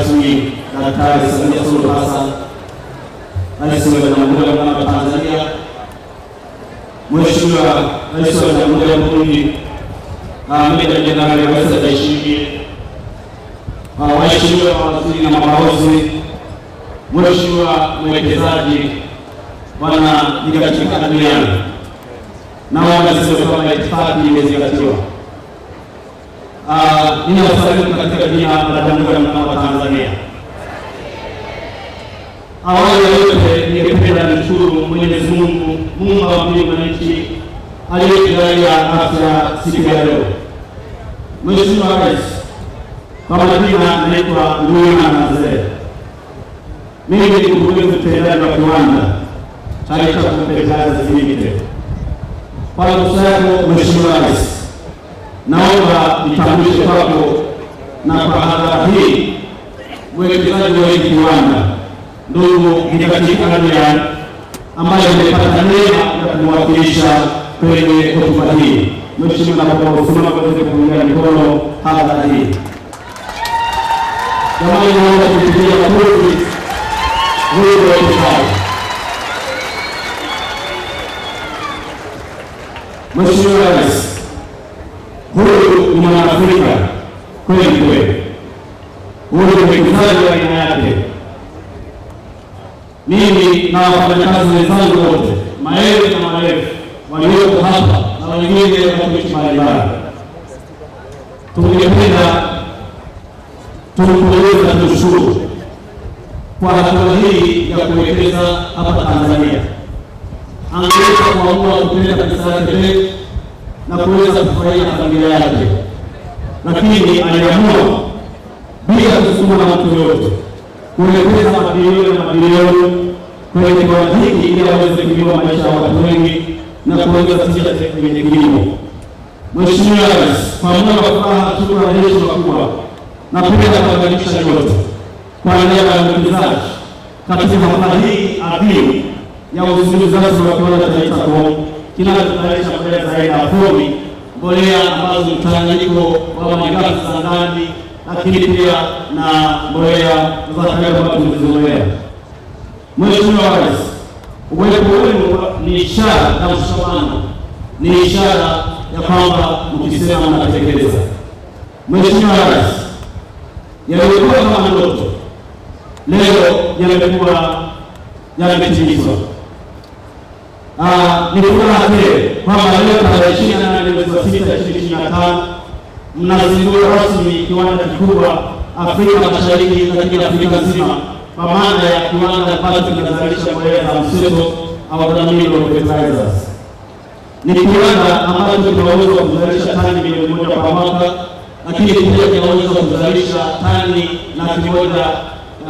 rasmi Daktari Samia Suluhu Hassan, Rais wa Jamhuri ya Muungano wa Tanzania, Mheshimiwa Rais wa Jamhuri ya Burundi, Meja Jenerali Kaissa Ndayishimiye, waheshimiwa mawaziri na mabalozi, Mheshimiwa mwekezaji Bwana Nikachika Damiani, naomba sisi kama itifaki imezingatiwa Ah, ninawasalimu katika jina la Jamhuri ya Muungano wa Tanzania. Awali ya yote, ningependa nishukuru Mwenyezi Mungu, Mungu wa mbingu na nchi, aliyetujalia afya siku ya leo. Mheshimiwa Rais, kwa majina naitwa Nduwima Nazee, mimi ni mkurugenzi mtendaji wa kiwanda cha Ichafu Limited. Kwa ruhusa yako Mheshimiwa Rais Naomba nitambulishe kwako na kwa hadhara hii mwekezaji wa hii kiwanda ndugu Migati Adrian ambaye amepata neema ya kumwakilisha kwenye hotuba hii. Mheshimiwa Baba nakusimama kuweze kuunga mikono hadhara hii. Jamani, naomba kupigia makofi huyu mwekezaji. Mheshimiwa Rais una Afrika kweli kweli, huyo ni mwekezaji wa aina yake. Mimi na wafanyakazi wenzangu wote maelfu na maelfu walioko hapa na wengine watumishi mbalimbali, tungependa tukuongeza tushukuru kwa hatua hii ya kuwekeza hapa Tanzania. Angeweza kuamua kupeleka pesa yake na kuweza kufurahia na familia yake, lakini aliamua bila kusumbua na mtu yoyote kuelekeza mabilioni na mabilioni kwenye kiwanda hiki ili aweze kuinua maisha ya watu wengi na kuweza tija kwenye kilimo. Mheshimiwa Rais, kwa moyo wa furaha, shukrani na heshima kubwa, napenda kuwakaribisha nyote kwa niaba ya uwekezaji katika hafla hii adhimu ya uzinduzi rasmi wa kiwanda cha kinachozalisha mbolea za aina ya mbolea ambazo ni mchanganyiko wa malighafi za ndani, lakini pia na mbolea za kawaida ambazo tumezizoea. Mheshimiwa Rais, uwepo wenu ni ishara na mshikamano, ni ishara ya kwamba mkisema mnatekeleza. Mheshimiwa Rais, yaliyokuwa kama ndoto leo yamekuwa yametimizwa nilisema pale kwamba leo tarehe ishirini na nane mwezi wa sita ishirini na tano mnazindua rasmi kiwanda kikubwa Afrika Mashariki, lakini Afrika nzima, kwa maana ya kiwanda ambacho kinazalisha mbolea za mseto au dhamilo fertilizers. Ni kiwanda ambacho kina uwezo wa kuzalisha tani milioni moja kwa mwaka, lakini pia kina uwezo wa kuzalisha tani laki moja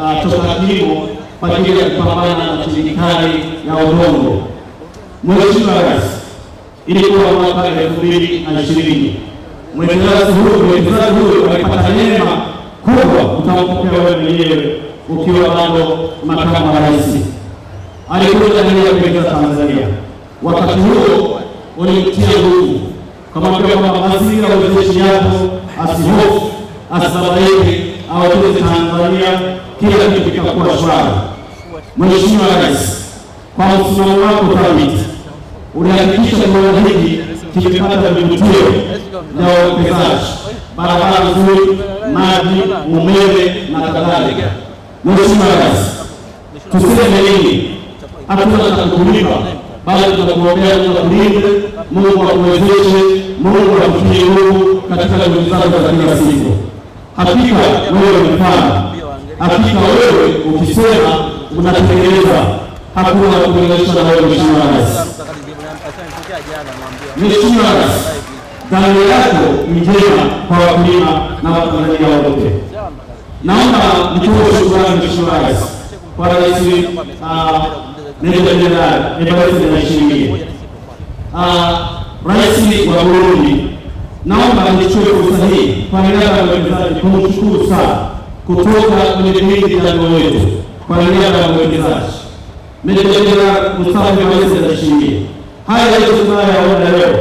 ah, toka kilimo kwa ajili ya kupambana na tindikali ya udongo. Mheshimiwa Rais, ilikuwa mwaka elfu mbili na ishirini mwekezaji huyo mwekezaji huyu alipata neema kubwa, utampokea wewe mwenyewe ukiwa bado makamu wa rais. Alikuja nia kuwekeza Tanzania, wakati huo ulimtia nguvu kwa kwamba mazingira uwezeshi yapo, asihofu asibabaike, awajeze Tanzania, kila kitu kitakuwa shwari. Mheshimiwa Rais, kwa msimamo wako thabiti unahakikisha kiwanja hiki kikipata vivutio na wawekezaji, barabara nzuri, maji, umeme na kadhalika. Mheshimiwa Rais, tuseme nini? Hakuna atakulipa bali tunakuombea Mungu akulinde, Mungu akuwezeshe, Mungu akutie nguvu katika shughuli zako za kila siku. Hakika wewe ni mfano, hakika wewe ukisema unatekeleza, hakuna kukuelewesha na wewe Mheshimiwa Rais. Mheshimiwa Rais, tango yako ni njema kwa wakulima na Watanzania wote. Naomba nitoe shukrani Mheshimiwa Rais kwa Rais Meja ah, Jenerali Evariste Ndayishimiye, ah, Rais wa Burundi. Naomba nichukue fursa hii kwa niaba ya mwekezaji kumshukuru sana kutoka kwenye kipindi cha wetu kwa niaba ya mwekezaji Meja Jenerali Mustafa Evariste Ndayishimiye Haya yote tunayoyaona leo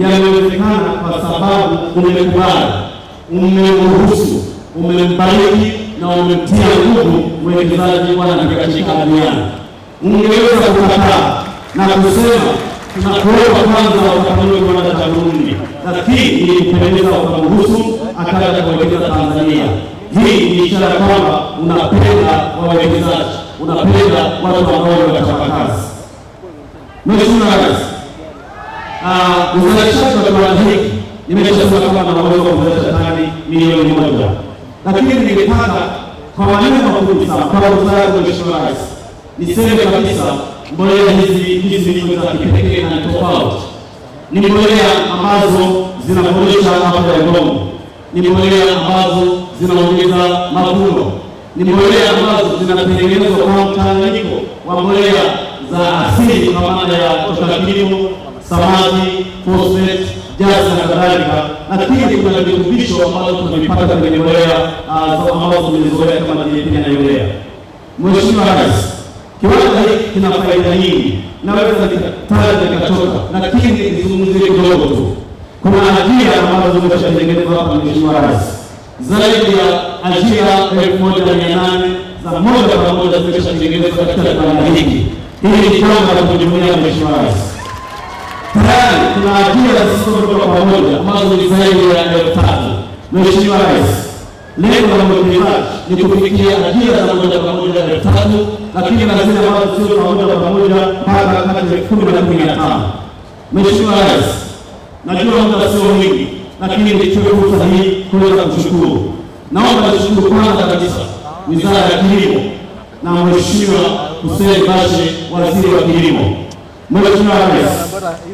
yamewezekana kwa sababu umekubali, umeruhusu, umembariki na umemtia nguvu mwekezaji Bwana katika duniani. Ungeweza kukataa na kusema tunakuomba kwanza ukapanue kiwanda cha Burundi, lakini ilikupendeza ukamruhusu akaja kuwekeza Tanzania. Hii ni ishara kwamba unapenda wawekezaji, unapenda watu ambao ni wachapakazi. Mheshimiwa Rais Ah, uzalishaji wa kiwanda hiki nimeshasema kama naweza kuzalisha tani milioni moja, lakini ningependa kwa maneno mafupi sana kwa wizara ya Mheshimiwa Rais niseme kabisa mbolea hizi hizi ni za kipekee na tofauti. Ni mbolea ambazo zinaboresha afya ya udongo, ni mbolea ambazo zinaongeza mavuno, ni mbolea ambazo zinatengenezwa kwa mchanganyiko wa mbolea za asili kwa maana ya toka kilimo samaki, phosphate, jasa na kadhalika, lakini kuna virutubisho ambavyo tunavipata kwenye mbolea ah, ambazo tumezoea kama DAP na urea. Mheshimiwa Rais, kiwanda hiki kina faida nyingi, naweza nikataja nikachoka, lakini nizungumzie kidogo tu. Kuna ajira ambazo zimeshatengenezwa hapa, Mheshimiwa Rais, zaidi ya ajira elfu moja mia nane za moja kwa moja zimeshatengenezwa katika kiwanda hiki. Hili ni jambo la kujivunia, Mheshimiwa Rais. Tayari tuna ajira sisi sote kwa pamoja ambazo ni zaidi ya elfu tatu. Mheshimiwa Rais, lengo la mwekezaji ni kufikia ajira za moja kwa moja elfu tatu, lakini na zile ambazo sio za moja kwa moja mpaka kati ya kumi na kumi na tano. Mheshimiwa Rais, najua muda sio mwingi, lakini nichukue fursa hii kuweza kushukuru. Naomba nishukuru kwanza kabisa Wizara ya Kilimo na Mheshimiwa Hussein Bashe, waziri wa kilimo Mheshimiwa Rais,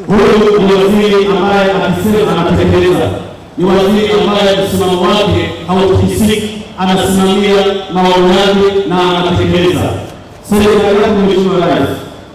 huyu ni waziri ambaye akisema anatekeleza, ni waziri ambaye msimamo wake hautikisiki, anasimamia maonaji na anatekeleza. Serikali yako Mheshimiwa Rais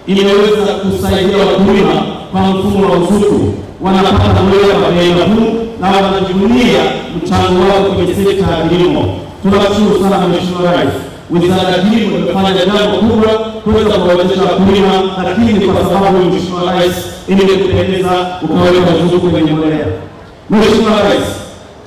imeweza kusaidia wakulima kwa mfumo wa uzuku, wanapata mbolea kwa bei nafuu na wanajivunia mchango wao kwenye sekta ya kilimo. Tunashukuru sana Mheshimiwa Rais. Wizara hii imefanya jambo kubwa kuweza kuwawezesha wakulima, lakini kwa sababu Mheshimiwa Rais ilikutengeneza ukaweka ruzuku kwenye mbolea. Mheshimiwa Rais,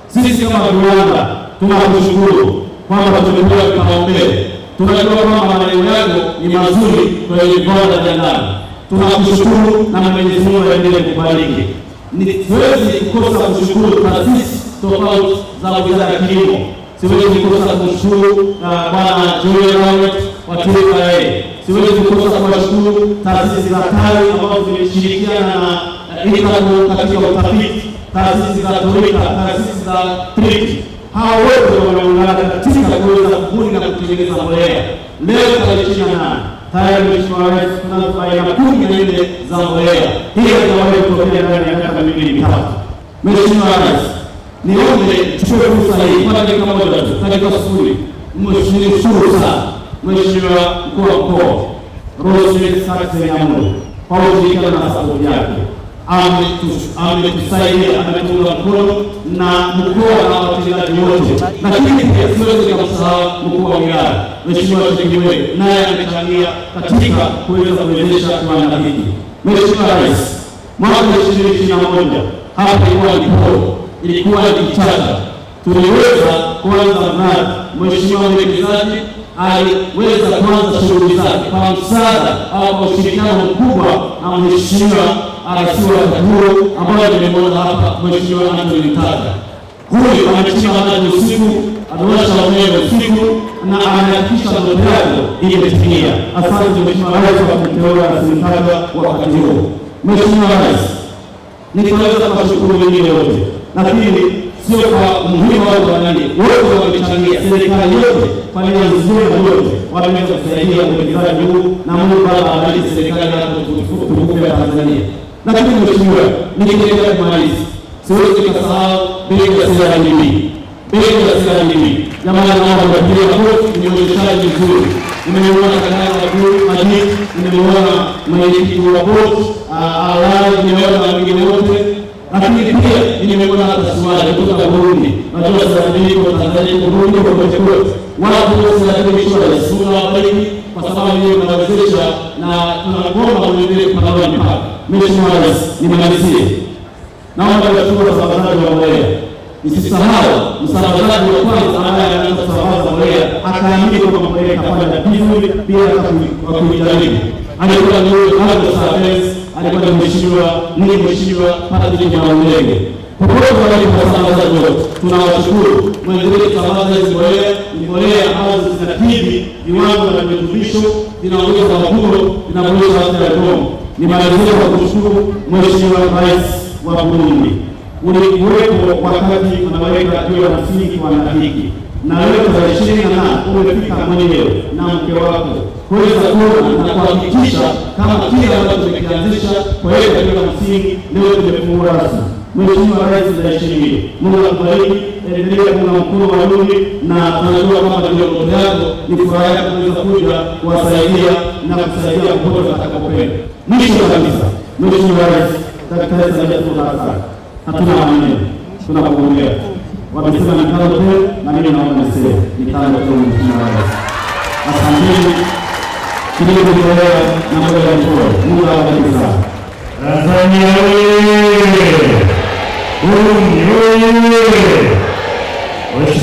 sisi kama viwanda tunakushukuru kwamba tumepewa kipaumbele, tunajua kwamba maeneo yako ni mazuri kwenye viwanda vya ndani. Tunakushukuru na Mwenyezi Mungu aendelee kubariki. Ni siwezi kukosa kushukuru taasisi tofauti za Wizara ya Kilimo siwezi kukosa kushukuru na Bwana Julian Laurent wa TFRA. Siwezi kukosa kuwashukuru taasisi za tawi ambazo zimeshirikiana na eh, Itaco katika utafiti, taasisi za Torika, taasisi za Triki, hawa wote wameungana katika kuweza kubuni na kutengeneza mbolea. Leo tarehe ishirini na nane tayari Mheshimiwa Rais kunazo aina kumi na nne za mbolea. Hii haijawahi kutokea ndani ya miaka miwili mitatu. Mheshimiwa Rais niombe tuchukue fursa hii kwa dakika moja tu, dakika sufuri. Mshukuru sana Mheshimiwa mkuu wa mkoa Rose Saxon Nyamundu kwa ushirikiano na sapoti yake, ametusaidia ametuunga mkono na mkoa na watendaji wote, lakini pia siwezi kumsahau mkuu wa wilaya Mheshimiwa Tegemwe, naye amechangia katika kuweza kuwezesha kiwanda hiki. Mheshimiwa Rais, mwaka elfu mbili ishirini na moja hapa ilikuwa ni ilikuwa ni kichanga. Tuliweza kuanza mradi, mheshimiwa mwekezaji aliweza kuanza shughuli zake kwa msaada au kwa ushirikiano mkubwa na mheshimiwa arasiwa huo ambayo nimemwona hapa, mheshimiwa Antony Mtata. Huyu anachimba maji usiku, anawasha umeme usiku na anahakikisha ndoto yako imetimia. Asante mheshimiwa rais wa kumteua Antony Mtata wakati huo. Mheshimiwa Rais, nitaweza kuwashukuru wengine wote lakini sio kwa muhimu wao wa nani, wote wamechangia, serikali yote, familia nzima yote wameweza kusaidia uwekezaji huu, na Mungu Baba abariki serikali yako tukufu ya Tanzania. Lakini mheshimiwa, ningeendelea kumaliza, siwezi kusahau benki ya CRDB, benki ya CRDB, jamani, naomba kupiga kwa ni uwezeshaji mzuri nimeuona ya juu majini, nimeona mwenyekiti wa bodi awali, ah, nimeona wengine wote lakini pia nimekuwa hata swali kutoka Burundi, najua sasa hivi kwa Tanzania Burundi kwa kote kote, watu wote wanajua sura wabariki, kwa sababu yeye anawezesha na tunakuomba muendelee kupanua mipaka. Mheshimiwa Rais, nimalizie, naomba washukuru wasambazaji wa mbolea, nisisahau msambazaji wa kwanza ambaye anaanza kusambaza mbolea akaamini kwamba mbolea itafanya vizuri bila kwa kuijaribu, alikuwa ni Agro Service alikuwa ni mheshimiwa ni mheshimiwa Padri Nyamulenge. Popote walipo wasambazaji wote tunawashukuru, mwendelee kusambaza hizi mbolea. Ni mbolea ambazo zinakidhi viwango na virutubisho, zinaongeza mavuno, zinaboresha afya ya udongo. Nimalizia kwa kushukuru Mheshimiwa Rais wa Burundi ulikuwepo wakati unaweka juu ya msingi wa mantiki na leo za ishirini na nane umefika mwenyewe na mke wako kuweza kuona na kuhakikisha kama kile ambacho tumekianzisha kuweka juu ya msingi leo tumefungua rasmi. Mheshimiwa Rais za ishirini Mungu akubariki, endelea kuna mkuu wa Lumi na tunajua kwamba viongozi yako ni furaha yako kuweza kuja kuwasaidia na kusaidia popote atakapopenda. Mwisho kabisa, Mheshimiwa Rais Daktari Samia Suluhu Hassan hatuna maneno, tunakuombea. Wamesema mitano tu, na mimi naomba niseme mitano tu. Mheshimiwa Rais, asanteni kilivyotolewa na moja ya mkoa muda wa kabisa. Tanzania oye! Bumi oye!